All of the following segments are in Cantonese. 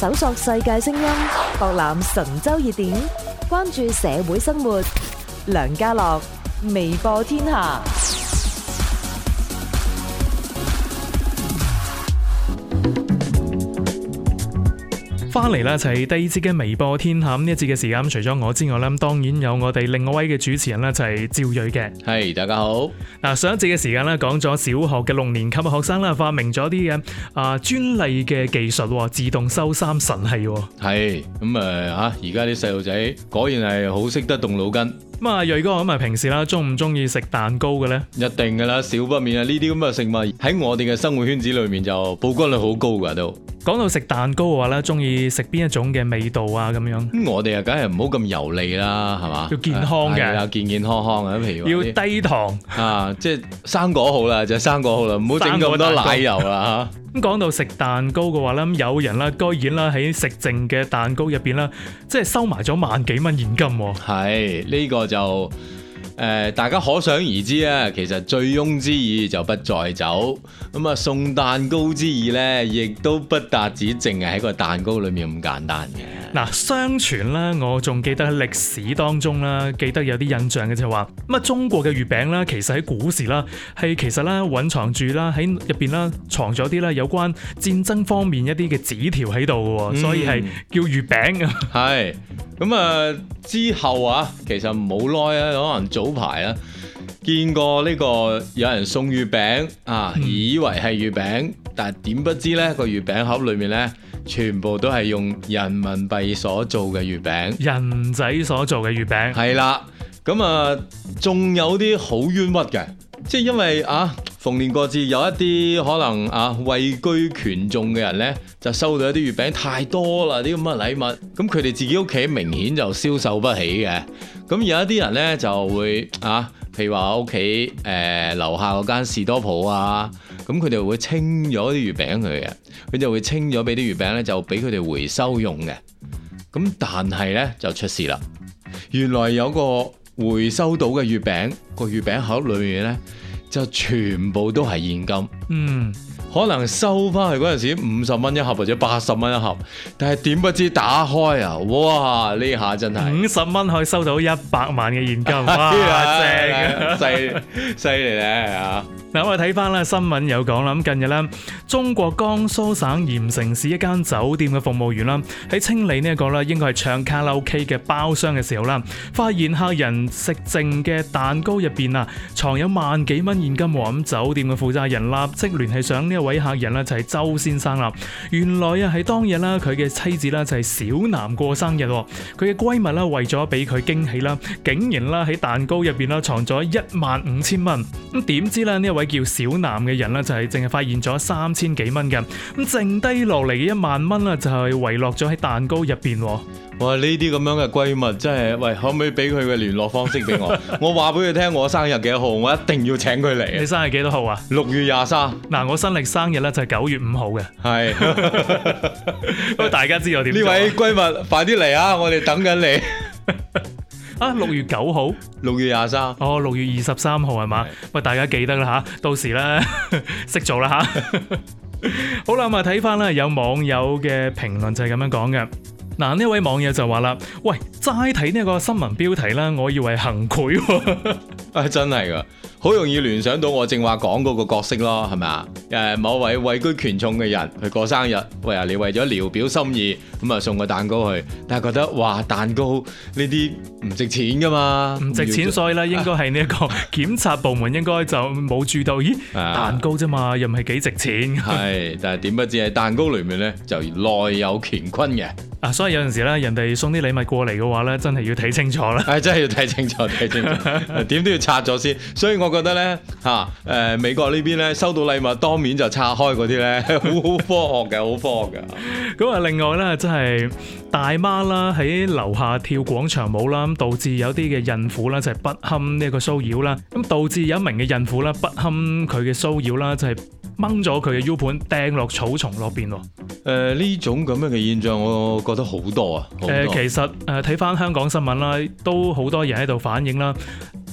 搜索世界聲音，博覽神州熱點，關注社會生活。梁家樂，微博天下。翻嚟啦，就係第二節嘅微博天下呢一節嘅時間，除咗我之外咧，當然有我哋另外一位嘅主持人咧，就係趙瑞嘅。係、hey, 大家好。嗱，上一節嘅時間咧，講咗小學嘅六年級嘅學生咧，發明咗啲嘅啊專利嘅技術，自動收衫神器。係咁誒，吓而家啲細路仔果然係好識得動腦筋。咁啊、嗯，瑞哥咁啊，平時喜喜啦，中唔中意食蛋糕嘅咧？一定噶啦，少不免啊！呢啲咁嘅食物喺我哋嘅生活圈子裏面就曝光率好高噶都。講到食蛋糕嘅話咧，中意食邊一種嘅味道啊？咁樣、嗯、我哋啊，梗係唔好咁油膩啦，係嘛？要健康嘅，係啦，健健康康啊，譬如要低糖啊， 即係生果好啦，就生果好啦，唔好整咁多奶油啦嚇。咁 講到食蛋糕嘅話咧，有人啦，居然啦喺食剩嘅蛋糕入邊啦，即係收埋咗萬幾蚊現金喎、啊。係呢、呢個、就。係。就誒、呃，大家可想而知啦。其實醉翁之意就不在酒，咁、嗯、啊送蛋糕之意呢，亦都不單止淨係喺個蛋糕裏面咁簡單嘅。嗱、啊，相傳呢，我仲記得喺歷史當中啦，記得有啲印象嘅就話、是，咁中國嘅月餅呢，其實喺古時啦，係其實呢隱藏住啦喺入邊啦藏咗啲啦有關戰爭方面一啲嘅紙條喺度嘅，嗯、所以係叫月餅。係。咁啊，之後啊，其實冇耐啊，可能早排啊，見過呢個有人送月餅啊，以為係月餅，嗯、但點不知呢、呢個月餅盒裏面呢，全部都係用人民幣所做嘅月餅，人仔所做嘅月餅，係啦，咁啊，仲有啲好冤屈嘅。即係因為啊，逢年過節有一啲可能啊，位居權重嘅人呢，就收到一啲月餅太多啦，啲咁嘅禮物，咁佢哋自己屋企明顯就消受不起嘅。咁有一啲人呢，就會啊，譬如話屋企誒樓下嗰間士多鋪啊，咁佢哋會清咗啲月餅佢嘅，佢就會清咗俾啲月餅呢，就俾佢哋回收用嘅。咁但係呢，就出事啦，原來有個回收到嘅月餅，個月餅盒裏面呢，就全部都係現金。嗯，可能收翻去嗰陣時五十蚊一盒或者八十蚊一盒，但係點不知打開啊！哇，呢下真係五十蚊可以收到一百萬嘅現金，哇 哇，正啊，犀犀利咧嚇！ 嗱，我哋睇翻啦，新聞有講啦。咁近日咧，中國江蘇省鹽城市一間酒店嘅服務員啦，喺清理呢一個咧，應該係唱卡拉 OK 嘅包廂嘅時候啦，發現客人食剩嘅蛋糕入邊啊，藏有萬幾蚊現金喎。咁酒店嘅負責人立即聯繫上呢一位客人啦，就係周先生啦。原來啊，喺當日啦，佢嘅妻子啦就係小南過生日喎。佢嘅閨蜜啦為咗俾佢驚喜啦，竟然啦喺蛋糕入邊啦藏咗一萬五千蚊。咁點知啦，呢一位位叫小南嘅人咧，就係淨係發現咗三千幾蚊嘅，咁剩低落嚟嘅一萬蚊啦，就係遺落咗喺蛋糕入邊。哇，呢啲咁樣嘅閨蜜，真係喂，可唔可以俾佢嘅聯絡方式俾我？ 我話俾佢聽，我生日幾號？我一定要請佢嚟。你生日幾多號啊？六月廿三。嗱、啊，我新曆生日咧就係九月五號嘅。係是，喂 大家知道點？呢位閨蜜，快啲嚟啊！我哋等緊你。 啊！六月九號，六月廿三，哦，六月二十三號係嘛？喂，是的 大家記得啦吓，到時咧識做啦吓。呵呵 好啦，咪睇翻啦。有網友嘅評論就係咁樣講嘅。嗱、啊，呢位網友就話啦：喂，齋睇呢個新聞標題啦，我以為行賄，唉，真係噶。好容易聯想到我正話講嗰個角色咯，係咪啊？誒，某位位居權重嘅人去過生日，喂啊！你為咗聊表心意，咁啊送個蛋糕去，但係覺得哇，蛋糕呢啲唔值錢㗎嘛，唔值錢，要所以咧應該係呢一個檢察部門應該就冇注到，啊、咦？蛋糕啫嘛，又唔係幾值錢。係， 但係點不知喺蛋糕裏面咧就內有乾坤嘅。啊，所以有陣時咧，人哋送啲禮物過嚟嘅話咧，真係要睇清楚啦。係、 哎，真係要睇清楚，睇清楚，點都要拆咗先。所以我。我覺得咧吓，誒、啊、呃，美國邊呢邊咧，收到禮物，當面就拆開嗰啲咧，好科學嘅，好科學嘅。咁啊，另外咧，真、就、係、是、大媽啦，喺樓下跳廣場舞啦，咁導致有啲嘅孕婦啦，就係、是、不堪呢一個騷擾啦。咁導致有一名嘅孕婦啦，不堪佢嘅騷擾啦，就係掹咗佢嘅 U 盤，掟落草叢落邊。誒、呃，呢種咁樣嘅現象，我覺得好多啊。誒、呃，其實誒，睇、呃、翻香港新聞啦，都好多人喺度反映啦。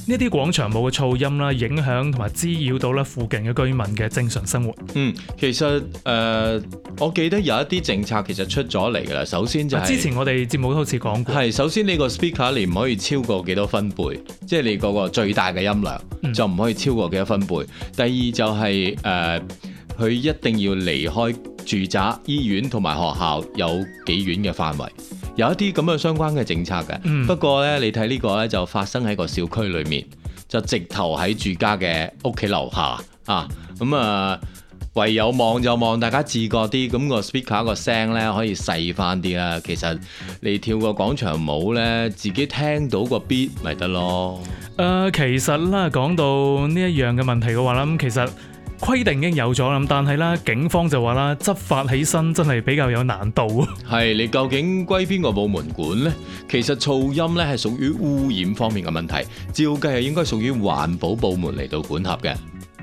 呢啲廣場舞嘅噪音啦，影響同埋滋擾到咧附近嘅居民嘅正常生活。嗯，其實誒、呃，我記得有一啲政策其實出咗嚟㗎喇。首先就係、是、之前我哋節目都好似講過，係首先呢個 speaker 你唔可以超過幾多分貝，即、就、係、是、你個個最大嘅音量就唔可以超過幾多分貝。嗯、第二就係、是、誒，佢、呃、一定要離開住宅、醫院同埋學校有幾遠嘅範圍。有一啲咁嘅相關嘅政策嘅，嗯、不過呢，你睇呢個呢，就發生喺個小區裏面，就直頭喺住家嘅屋企樓下啊，咁、嗯、啊、呃、唯有望就望，大家自覺啲，咁、個 speaker 個聲呢，可以細翻啲啦。其實你跳個廣場舞呢，自己聽到個 beat 咪得咯。誒、呃，其實啦，講到呢一樣嘅問題嘅話啦，咁其實。規定已經有咗啦，但係啦，警方就話啦，執法起身真係比較有難度。係 你究竟歸邊個部門管呢？其實噪音咧係屬於污染方面嘅問題，照計係應該屬於環保部門嚟到管轄嘅。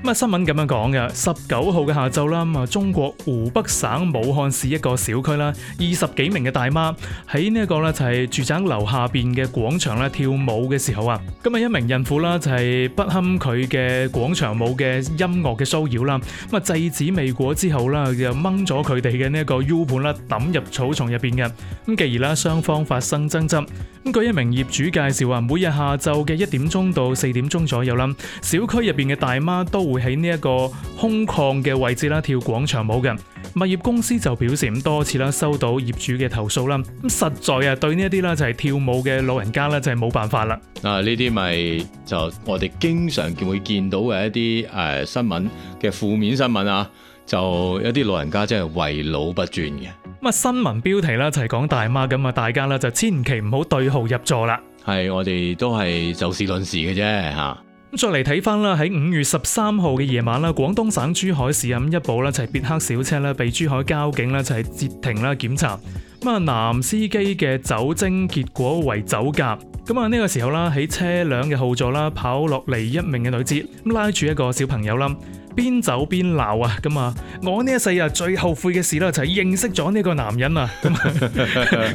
咁啊！新聞咁樣講嘅，十九號嘅下晝啦，啊，中國湖北省武漢市一個小區啦，二十幾名嘅大媽喺呢一個咧就係住宅樓下邊嘅廣場咧跳舞嘅時候啊，今日一名孕婦啦就係不堪佢嘅廣場舞嘅音樂嘅騷擾啦，咁啊制止未果之後啦，就掹咗佢哋嘅呢一個 U 盤啦，抌入草叢入邊嘅，咁繼而啦雙方發生爭執。咁據一名業主介紹啊，每日下晝嘅一點鐘到四點鐘左右啦，小區入邊嘅大媽都會喺呢一個空曠嘅位置啦跳廣場舞嘅。物業公司就表示咁多次啦收到業主嘅投訴啦，咁實在啊，對呢一啲啦就係跳舞嘅老人家啦就係冇辦法啦。啊，呢啲咪就我哋經常見會見到嘅一啲誒、呃、新聞嘅負面新聞啊，就一啲老人家真係為老不尊嘅。咁啊，新聞標題啦就係講大媽，咁啊大家啦就千祈唔好對號入座啦，係我哋都係就事論事嘅啫吓。再嚟睇翻啦，喺五月十三號嘅夜晚啦，廣東省珠海市啊，咁一部啦，就係別克小車啦，被珠海交警啦，就係截停啦檢查。咁啊，男司機嘅酒精結果為酒駕。咁啊，呢個時候啦，喺車輛嘅後座啦，跑落嚟一名嘅女子，拉住一個小朋友啦。邊走邊鬧啊，咁、嗯、啊！我呢一世啊，最後悔嘅事咧就係認識咗呢個男人啊！咁、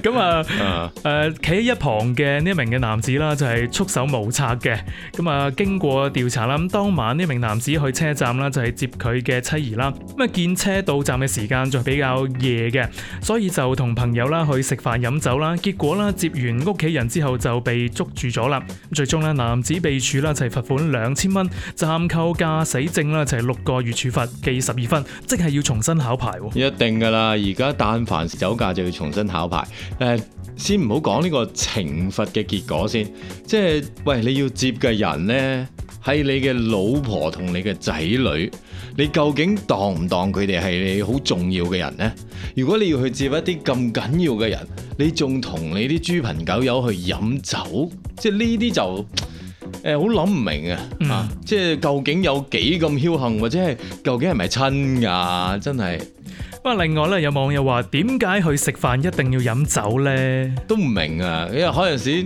嗯、啊，咁企喺一旁嘅呢一名嘅男子啦，就係束手無策嘅。咁、嗯、啊，經過調查啦，咁當晚呢名男子去車站啦，就係接佢嘅妻兒啦。咁啊，見車到站嘅時間就比較夜嘅，所以就同朋友啦去食飯飲酒啦。結果啦，接完屋企人之後就被捉住咗啦。最終呢，男子被處啦，就係罰款兩千蚊，暫扣駕駛證啦，就係六個月處罰記十二分，即係要重新考牌、啊。一定噶啦，而家但凡酒駕就要重新考牌。誒、呃，先唔好講呢個懲罰嘅結果先，即係喂，你要接嘅人呢，係你嘅老婆同你嘅仔女，你究竟當唔當佢哋係你好重要嘅人呢？如果你要去接一啲咁緊要嘅人，你仲同你啲豬朋狗友去飲酒，即係呢啲就。誒，好諗唔明、嗯、啊！吓，即係究竟有幾咁僥幸，或者係究竟係咪親噶？真係。不過另外咧，有網友話：點解去食飯一定要飲酒咧？都唔明啊！因為開陣時。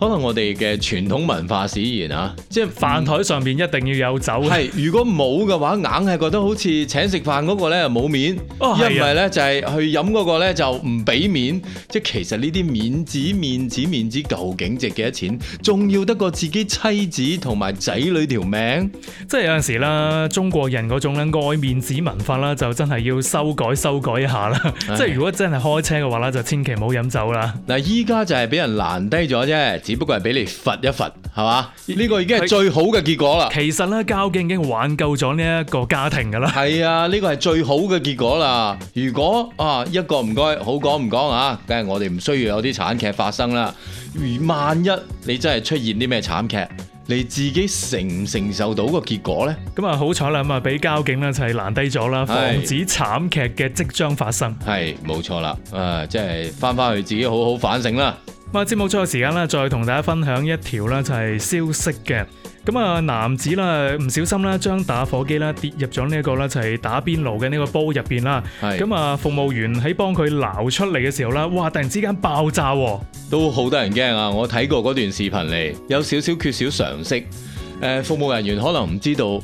可能我哋嘅傳統文化使然啊，即係是、嗯、飯枱上面一定要有酒。係，如果冇嘅話，硬係覺得好似請食飯嗰個咧冇面哦，一唔係咧就係去飲嗰個咧就唔俾面。即係其實呢啲面，面子、面子、面子究竟值幾多錢？仲要得過自己妻子同埋仔女條命。即係有陣時啦，中國人嗰種咧愛面子文化啦，就真係要修改修改一下啦。的即係如果真係開車嘅話咧，就千祈唔好飲酒啦。嗱，依家就係俾人攔低咗啫。只不過係俾你罰一罰，係嘛？呢個已經係最好嘅結果啦。其實咧，交警已經挽救咗呢一個家庭噶啦。係啊，呢個係最好嘅結果啦。如果啊，一個唔該，好講唔講啊？梗係我哋唔需要有啲慘劇發生啦。而萬一你真係出現啲咩慘劇，你自己承唔承受到個結果咧？咁啊、嗯，好彩啦，咁啊，俾交警咧就係攔低咗啦，防止慘劇嘅即將發生。係，冇錯啦。啊，即係翻翻去自己好好反省啦。啊，接落嚟嘅時間咧，再同大家分享一條咧就係消息嘅。咁啊，男子啦唔小心咧，將打火機咧跌入咗呢一個咧就係打邊爐嘅呢個煲入邊啦。咁啊是，服務員喺幫佢撈出嚟嘅時候咧，哇！突然之間爆炸喎，都好得人驚啊！我睇過嗰段視頻嚟，有少少缺少常識。誒、呃，服務人員可能唔知道。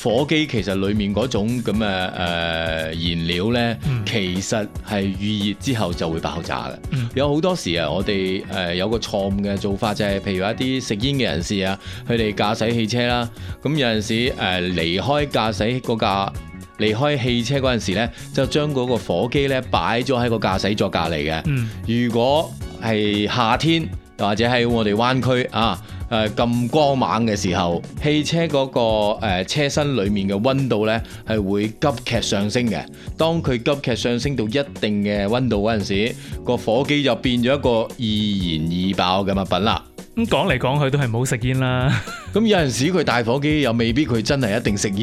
火機其實裡面嗰種咁嘅誒燃料呢，嗯、其實係預熱之後就會爆炸嘅、嗯呃。有好多時啊，我哋誒有個錯誤嘅做法就係，譬如一啲食煙嘅人士啊，佢哋駕駛汽車啦，咁有陣時誒、呃、離開駕駛嗰架離開汽車嗰陣時咧，就將嗰個火機呢擺咗喺個駕駛座隔離嘅。嗯、如果係夏天，或者喺我哋灣區啊。誒咁光猛嘅時候，汽車嗰個誒車身裡面嘅溫度呢係會急劇上升嘅。當佢急劇上升到一定嘅溫度嗰陣時，個火機就變咗一個易燃易爆嘅物品啦。咁講嚟講去都係唔好食煙啦。咁有陣時佢帶火機又未必佢真係一定食煙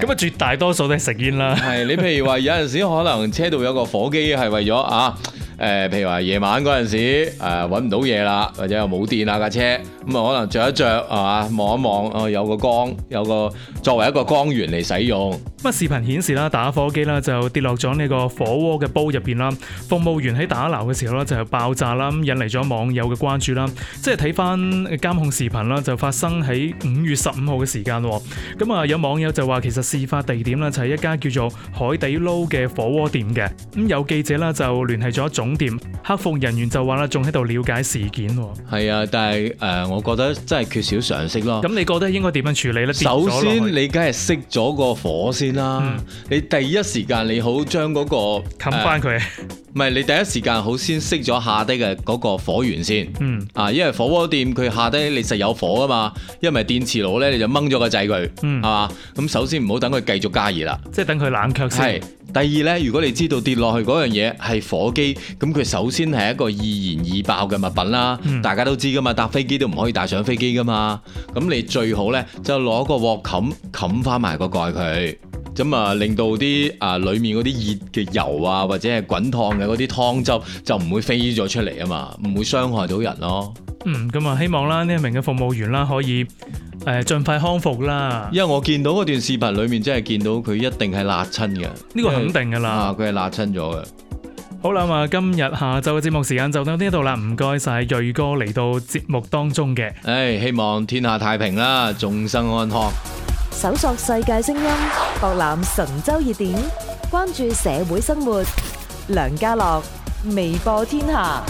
嘅。咁啊，絕大多數都係食煙啦。係你譬如話有陣時可能車度有個火機係為咗啊誒，譬如話夜晚嗰陣時誒揾唔到嘢啦，或者又冇電啦架車。咁啊，可能着一着啊，望一望啊，有個光，有個作為一個光源嚟使用。咁啊，視頻顯示啦，打火機啦就跌落咗呢個火鍋嘅煲入邊啦。服務員喺打撈嘅時候咧就爆炸啦，引嚟咗網友嘅關注啦。即係睇翻監控視頻啦，就發生喺五月十五號嘅時間，咁、嗯、啊，有網友就話其實事發地點啦就係一家叫做海底撈嘅火鍋店嘅。咁、嗯、有記者啦就聯繫咗總店客服人員就話啦仲喺度了解事件。係啊，但係誒。呃我覺得真係缺少常識咯。咁你覺得應該點樣處理呢？首先，你梗係熄咗個火先啦。嗯、你第一時間，你好將嗰、嗰個冚翻佢。唔係、呃，你第一時間好先熄咗下低嘅嗰個火源先。嗯。啊，因為火鍋店佢下低你實有火啊嘛。因為電磁爐呢你就掹咗個掣佢。嗯。係嘛？咁首先唔好等佢繼續加熱啦。即係等佢冷卻先。第二咧，如果你知道跌落去嗰樣嘢係火機，咁佢首先係一個易燃易爆嘅物品啦，mm hmm. 大家都知噶嘛，搭飛機都唔可以帶上飛機噶嘛，咁你最好咧就攞個鑊冚冚翻埋個蓋佢，咁啊令到啲啊裡面嗰啲熱嘅油啊或者係滾燙嘅嗰啲湯汁就唔會飛咗出嚟啊嘛，唔會傷害到人咯。嗯、mm，咁、hmm. 啊希望啦呢一名嘅服務員啦可以。誒，盡快康復啦！因為我見到嗰段視頻裏面，真係見到佢一定係辣親嘅，呢個肯定噶啦，佢係辣親咗嘅。好啦，咁啊，今日下晝嘅節目時間就到呢度啦，唔該晒瑞哥嚟到節目當中嘅。誒，希望天下太平啦，眾生安康。搜索世界聲音，博覽神州熱點，關注社會生活。梁家樂，微博天下。